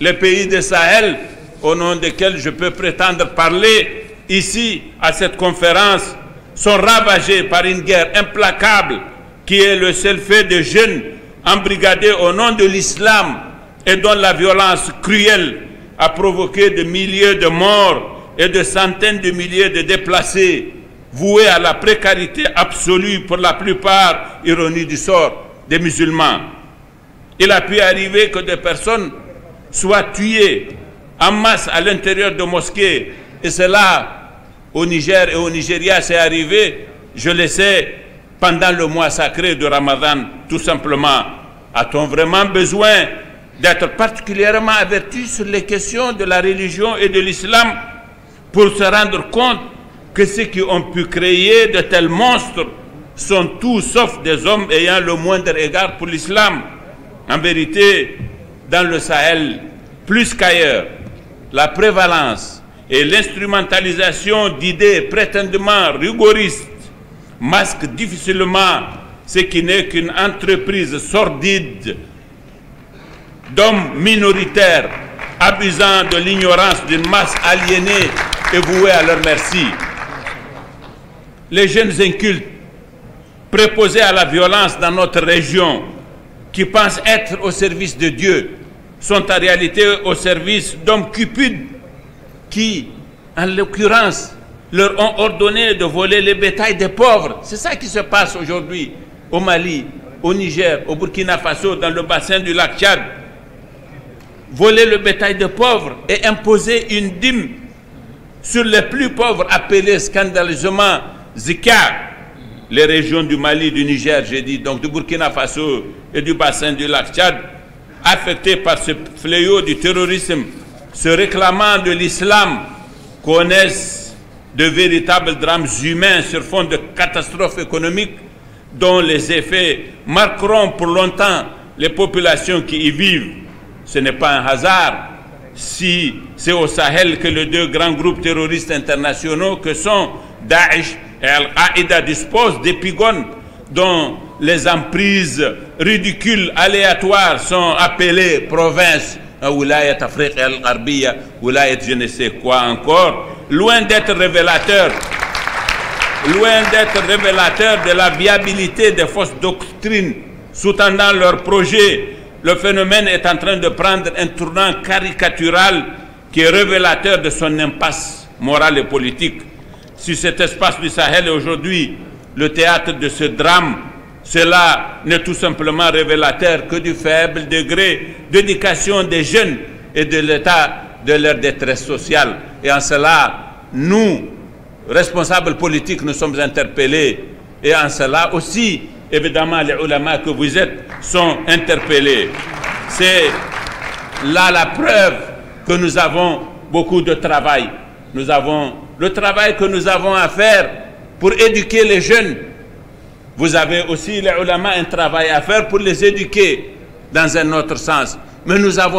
les pays de Sahel, au nom desquels je peux prétendre parler ici à cette conférence, sont ravagés par une guerre implacable qui est le seul fait de jeunes embrigadés au nom de l'islam et dont la violence cruelle a provoqué de milliers de morts et de centaines de milliers de déplacés, voués à la précarité absolue pour la plupart, ironie du sort, des musulmans. Il a pu arriver que des personnes soient tués en masse à l'intérieur de mosquées, et cela au Niger et au Nigeria, c'est arrivé, je le sais, pendant le mois sacré de Ramadan, tout simplement. A-t-on vraiment besoin d'être particulièrement averti sur les questions de la religion et de l'islam pour se rendre compte que ceux qui ont pu créer de tels monstres sont tous sauf des hommes ayant le moindre égard pour l'islam. En vérité, dans le Sahel, plus qu'ailleurs, la prévalence et l'instrumentalisation d'idées prétendument rigoristes masquent difficilement ce qui n'est qu'une entreprise sordide d'hommes minoritaires abusant de l'ignorance d'une masse aliénée et vouée à leur merci. Les jeunes incultes, préposés à la violence dans notre région, qui pensent être au service de Dieu, sont en réalité au service d'hommes cupides qui, en l'occurrence, leur ont ordonné de voler les bétail des pauvres. C'est ça qui se passe aujourd'hui au Mali, au Niger, au Burkina Faso, dans le bassin du lac Tchad. Voler le bétail des pauvres et imposer une dîme sur les plus pauvres, appelés scandaleusement Zika. Les régions du Mali, du Niger, j'ai dit, donc du Burkina Faso et du bassin du lac Tchad, affectés par ce fléau du terrorisme, se réclamant de l'islam, connaissent de véritables drames humains sur fond de catastrophes économiques dont les effets marqueront pour longtemps les populations qui y vivent. Ce n'est pas un hasard si c'est au Sahel que les deux grands groupes terroristes internationaux que sont Daesh et Al-Qaïda disposent d'épigones dont les emprises ridicules, aléatoires sont appelées provinces, est ah, Afrique ou là est je ne sais quoi encore, loin d'être révélateur, loin d'être révélateur de la viabilité des fausses doctrines sous-tendant leurs projets, le phénomène est en train de prendre un tournant caricatural qui est révélateur de son impasse morale et politique. Si cet espace du Sahel est aujourd'hui le théâtre de ce drame. Cela n'est tout simplement révélateur que du faible degré d'éducation des jeunes et de l'état de leur détresse sociale. Et en cela, nous, responsables politiques, nous sommes interpellés. Et en cela aussi, évidemment, les ulama que vous êtes sont interpellés. C'est là la preuve que nous avons beaucoup de travail. Nous avons le travail que nous avons à faire pour éduquer les jeunes. Vous avez aussi, les ulama, un travail à faire pour les éduquer dans un autre sens. Mais nous avons